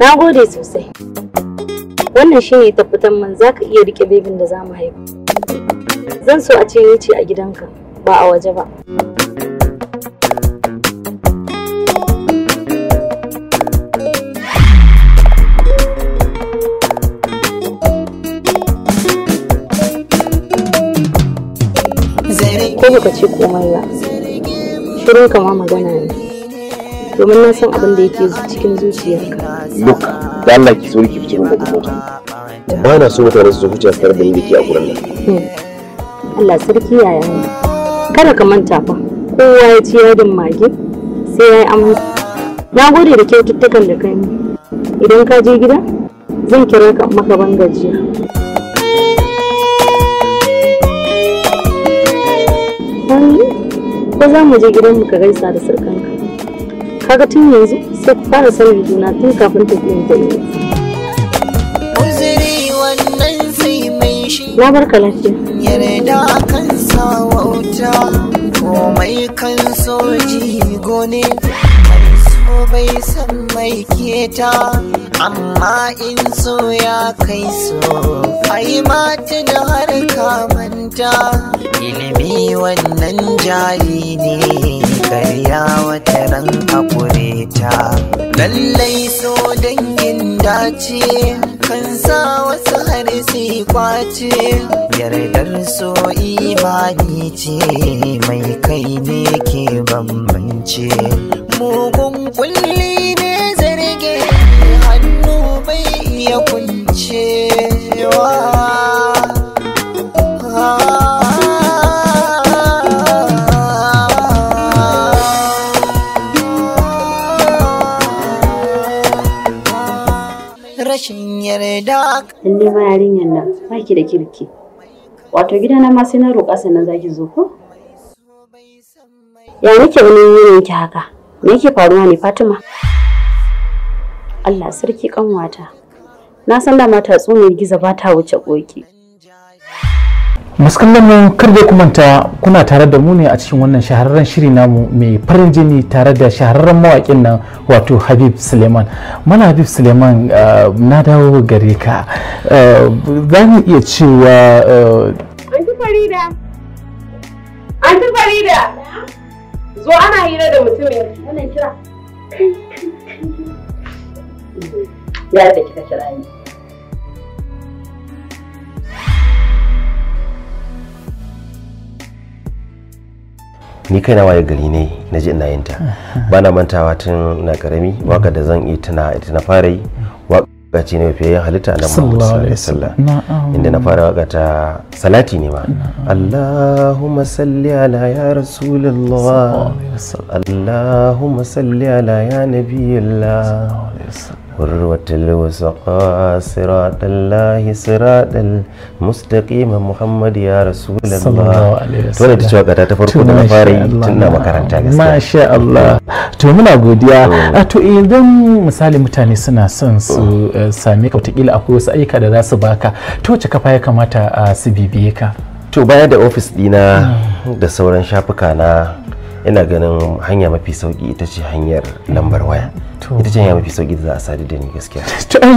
Na gode sosai. Wannan shine tabbatar man za ka iya riƙe bebin da za mu haihu. Zan so a ce ni a gidanka ba a waje ba. Ko baka ce komai ba, shirin kama magana ne. domin na san abin da yake cikin zuciyarka look da Allah ki tsori ki fice daga daga mota ba na so mutane su huce su da ni da ke a gurin nan hmm. Allah sarki yaya kada ka manta fa kowa ya ci yadin mage sai ya yi amsa na gode da kyaututtukan da kai idan ka je gida zan kira ka maka ban gajiya ko za mu je gidan mu ka gaisa da sarka kaga tun yanzu sai ku fara sanin juna tun kafin tafiyan ta yi na barka lafiya yarda kan sa wauta komai kan soji gone bai san mai keta amma in so ya kai so ai mata da har kamanta ilimi wannan jari ne karya wata ran hakure ta lallai so dangin dace kan sa wasu har sai kwace yardar so imani ce mai kai ne ke bambance mugun kulli haka. In dai ma yarinyar nan ba ki da kirki. Wato na ma sai na roƙa sannan za ki zo ko? Ya nake ganin yanayin ki haka? Me yake faruwa ne Fatima? Allah sarki kanwata. Na san da mata tsuniyar giza ba ta wuce ƙoƙi. muskallan mu kar da kumanta kuna tare da mu ne a cikin wannan shahararren shiri namu mai farin jini tare da shahararren mawaƙin nan wato habib suleiman mana habib suleiman eh, na dawo gare ka eh, za mu iya cewa eh, an farida anti farida zo ana hira da mutumin wannan kira ya da kika kira ni ni kai na waye gari ne na ji ina yin ta ba na mantawa tun na karami waka da zan yi tana ita na fara yi waka ce ne mafi yayin halitta na muhammadu sallallahu alaihi wasallam inda na fara waka ta salati ne ma Allahumma salli ala ya rasulullah Allahumma salli ala ya nabiyullah عروة الوثقى صراط الله صراط المستقيم محمد يا رسول الله صلى الله عليه وسلم wannan tace waka ta farko da na fara yi makaranta masha Allah to muna godiya a to idan misali mutane suna son su eh, sami ka wataƙila akwai wasu ayyuka da za su baka to wace kafa ya kamata ah, su bibiye to baya da ofis dina hmm. da sauran shafuka na ina ganin hanya mafi sauki ita ce hanyar lambar waya ita ce hanya mafi sauki da za a sadu da ni gaskiya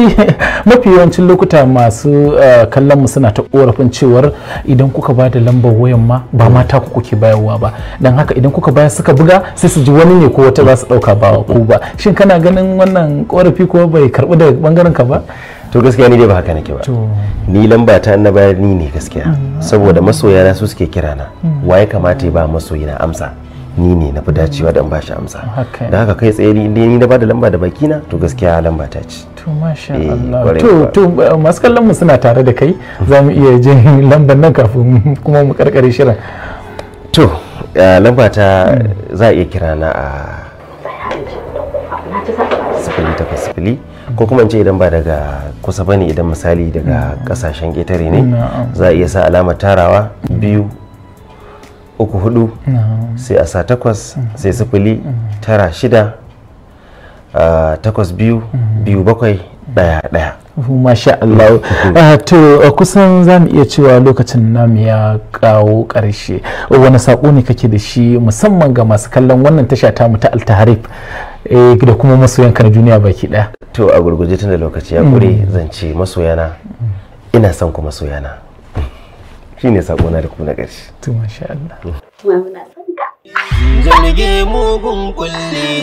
mafi yawancin lokuta masu eh, kallon mu suna ta korafin cewar idan kuka ba da lambar wayan ma ba mata ku kuke bayarwa ba dan haka idan kuka bayar suka buga sai su ji wani ne ko wata za su dauka ba ku ba shin kana ganin wannan korafi ko bai karbi daga bangaren ka ba to gaskiya ni dai ba haka nake ba ni lamba ta na bayar ni ne gaskiya mm. saboda masoyana su suke kirana mm. waye kamata ya ba masoyina amsa ni ne na fi dacewa da in bashi amsa da haka kai tsaye ni ne na bada lamba da baki na to gaskiya lamba ta ce to masha eh, Allah to to eh, masu kallon mu suna tare da kai za mu iya jin lambar nan kafin kuma mu karkare shirin to eh, lamba ta za a iya kira na a sifili ta sifili ko kuma ce idan ba daga kusa bane idan misali daga kasashen mm. ƙetare ne za a iya sa alamar tarawa biyu uku hudu sai a sa takwas mm. sai sifili mm. tara shida ah, takwas biyu mm. biyu bakwai daya daya masha Allah ah, to uh, kusan za mu iya cewa lokacin namu ya kawo ƙarshe wani saƙo ne kake da shi musamman ga masu kallon wannan tasha ta mu ta altaharif eh, da kuma masoyanka na duniya baki ɗaya. to a gurguje tun da lokaci ya ƙure zan ce masoyana ina son ku masoyana shine sakona da ku na ƙarshe to masha Allah kulli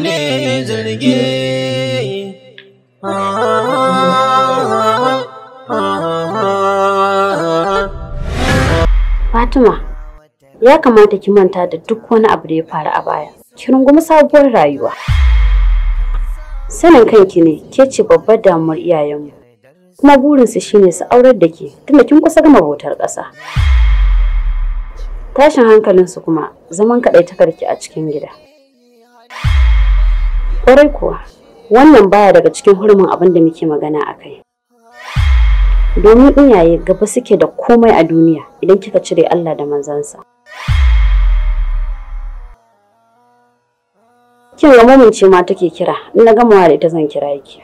ne Fatima, ya kamata ki manta da duk wani abu da ya faru a baya. Ki rungumi sabuwar rayuwa. Sanin kanki ne, ke ce babbar damar iyayenmu. kuma burinsu shine su aurar da ke tunda kin kusa gama bautar ƙasa. Tashin hankalinsu kuma zaman kaɗai takarki a cikin gida. Ƙwarai kuwa, wannan baya daga cikin hurumin abin da muke magana a kai. Domin iyaye gaba suke da komai a duniya idan kika cire Allah da manzansa. Kin ga mamince ma take kira, in na gamawa da ita zan kira ki.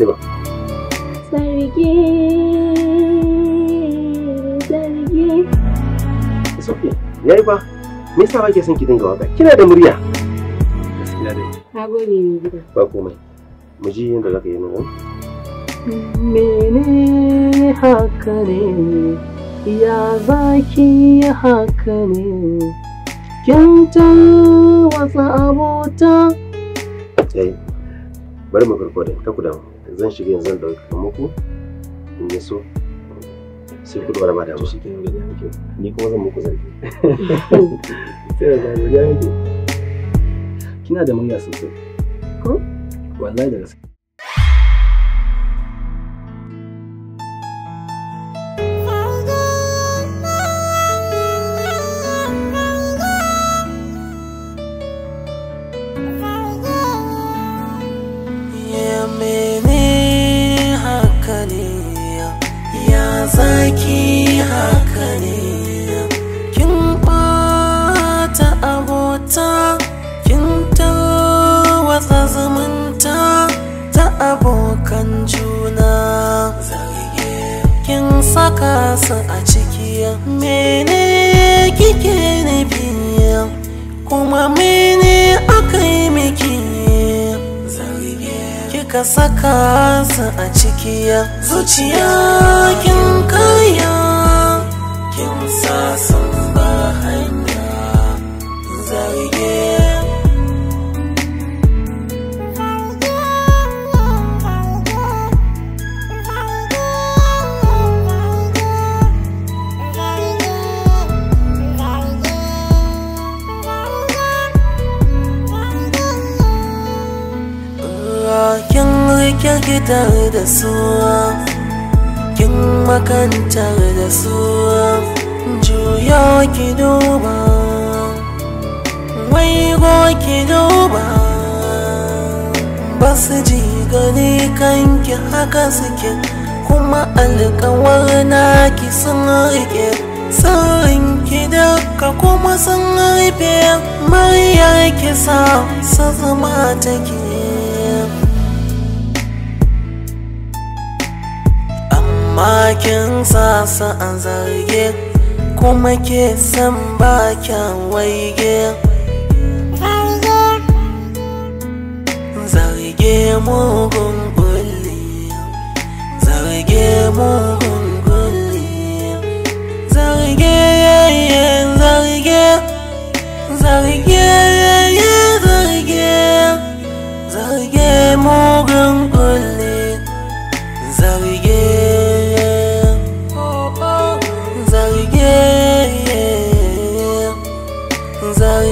Siba. Zarge, zarge. It's okay. Ya yi ba, me yasa ba son ki dinga waka? Kina da murya. Gaskiya dai. Na gode ne gida. Ba komai. Mu ji yadda za ka yi nan. Eh? Mene haka ne? Ya zaki haka ne? Kyauta wasa abota. Yayi, bari mu farko da ka ku zan shiga yanzu da ɗauka muku in yi so sai ku dora ba da shi ni kuma zan muku zargi sai da zargi kina da murya sosai ko wallahi da gaske kasa a ciki mene kike biya kuma mene aka yi miki kika saka sa a cikiya zuciya kin kaya kin sa san ba hanya rikitar da su kin makantar da su juyo ki duba wai go ki duba ba su ji gani ki haka suke kuma alkawar ki sun rike sun ki dukka kuma sun rufe mai yake sa su zama take amma sasa a zarge kuma ke san ba kyan waige zarge mugun kulli zarge mugun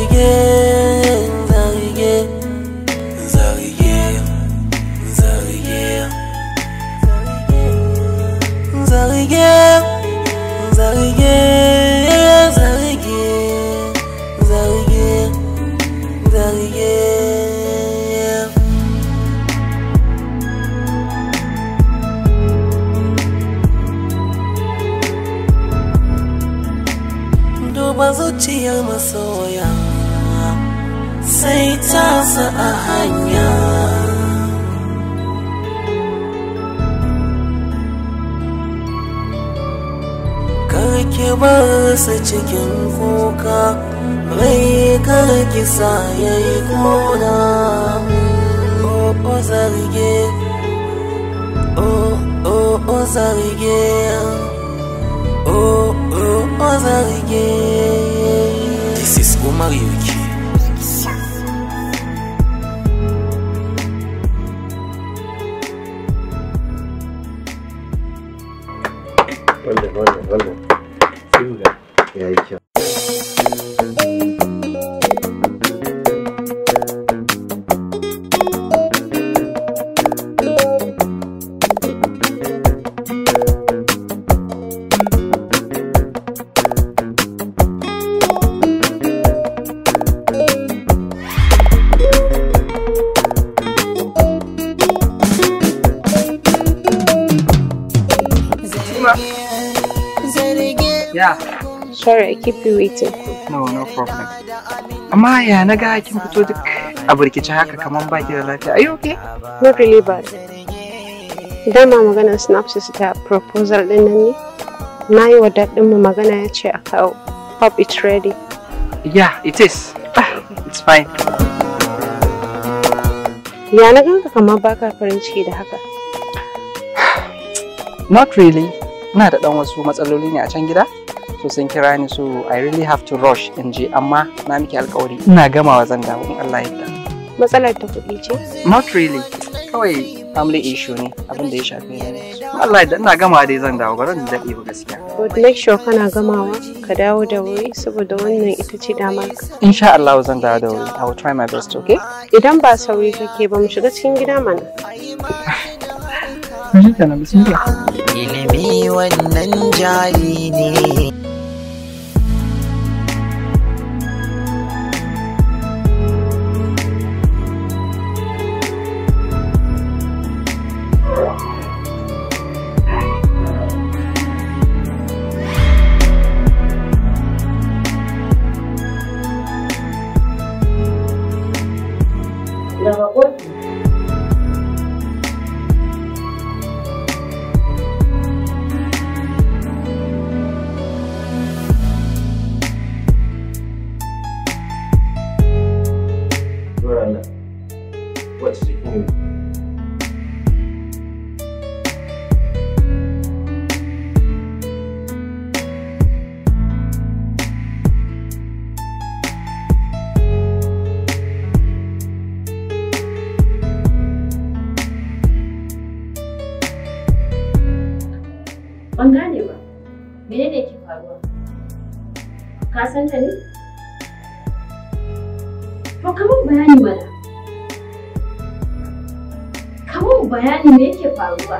yeah tasa a hanya karki barsa cikin kuka sa kona o zarge o zarge o zarge This is Kumari Sorry, I keep you waiting. No, no problem. Amaya, na ga kin fito duk a burkice haka kaman da lafiya. Are you okay? Not really bad. synopsis ta proposal din nan ne. Na yi wa daɗin mu magana ya ce a kawo. Hope it's ready. Yeah, it is. Ah, it's fine. Ya na kamar baka farin ciki da haka. Not really. Ina da ɗan wasu matsaloli ne a can gida. so sun kira ni so I really have to rush in je amma na miki alkawari ina gamawa zan dawo in Allah ya Matsalar ta kuɗi ce? Not really. Kawai family issue ne abin da ya shafe ni. Allah ya ina gamawa dai zan dawo ba zan daɗe ba gaskiya. But make sure kana gamawa ka dawo da wuri saboda wannan ita ce damar ka. Insha Allah zan dawo da wuri. I will try my best, okay? Idan ba sauri kake ba mu shiga cikin gida mana. Ilimi wannan jari ne. Ban gane ba. Menene ke faruwa? Ka san ta ne? To kamar bayani mana. Kamar bayani me yake faruwa?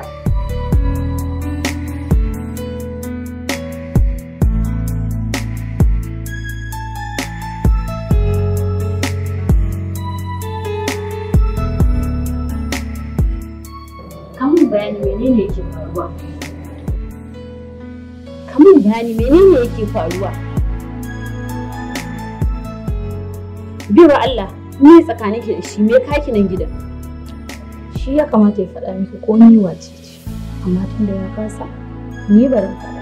bayani menene ke faruwa? min bayani menene yake faruwa biyar Allah ni tsakanin ki da shi me kaki nan gidan shi ya kamata ya faɗa miki ko ni wace ce amma da ya kasa ni barin faɗa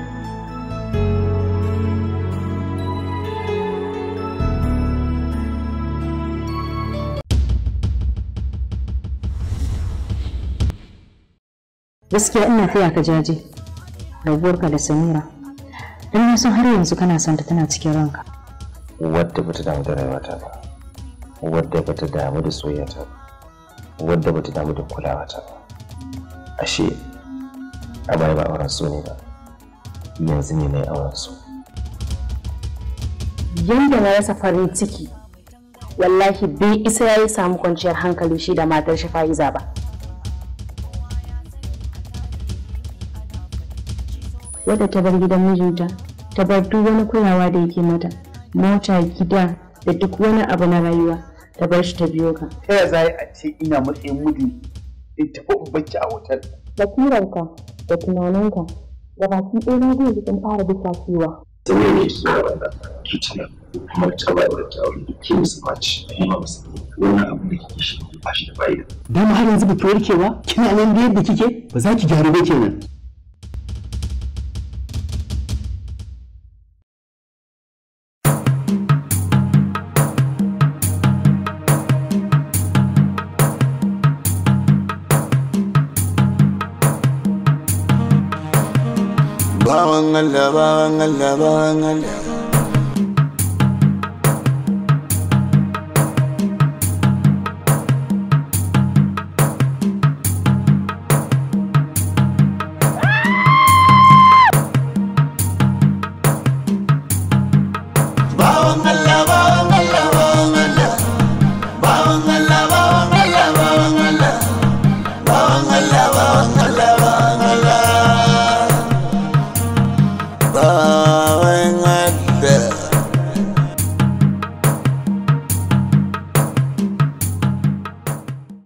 gaskiya ina taya ka jaje raguwarka da samira don na san har yanzu kana son ta tana cikin ranka wadda bata damu da rayuwata ba wadda bata damu da soyayyata ba wadda bata damu da kulawata ba ashe a baya ba auren so ne ba yanzu ne na yi auren so yanda na rasa farin ciki wallahi bai isa ya yi samu kwanciyar hankali shi da matar shi fa'iza ba wadda ta bar gidan mijinta ta bar duk wani kulawa da yake mata mota gida da duk wani abu na rayuwa ta bar shi ta biyo ka ta ya za a ce ina matsayin mudu in tafi in bacci a hotel basiranka da tunaninka da baki ɗaya na zai jikin fara bisa cewa sai ne su da wanda kitchen kamar taba da wuri da ke musu maci kuma musu wani abu da kike shi ba shi da fa'ida dama har yanzu ba ki warkewa kina nan da yadda kike ba za ki gyaru ba kenan ഭാഗങ്ങൾ ഭാഗങ്ങൾ ഭാഗങ്ങൾ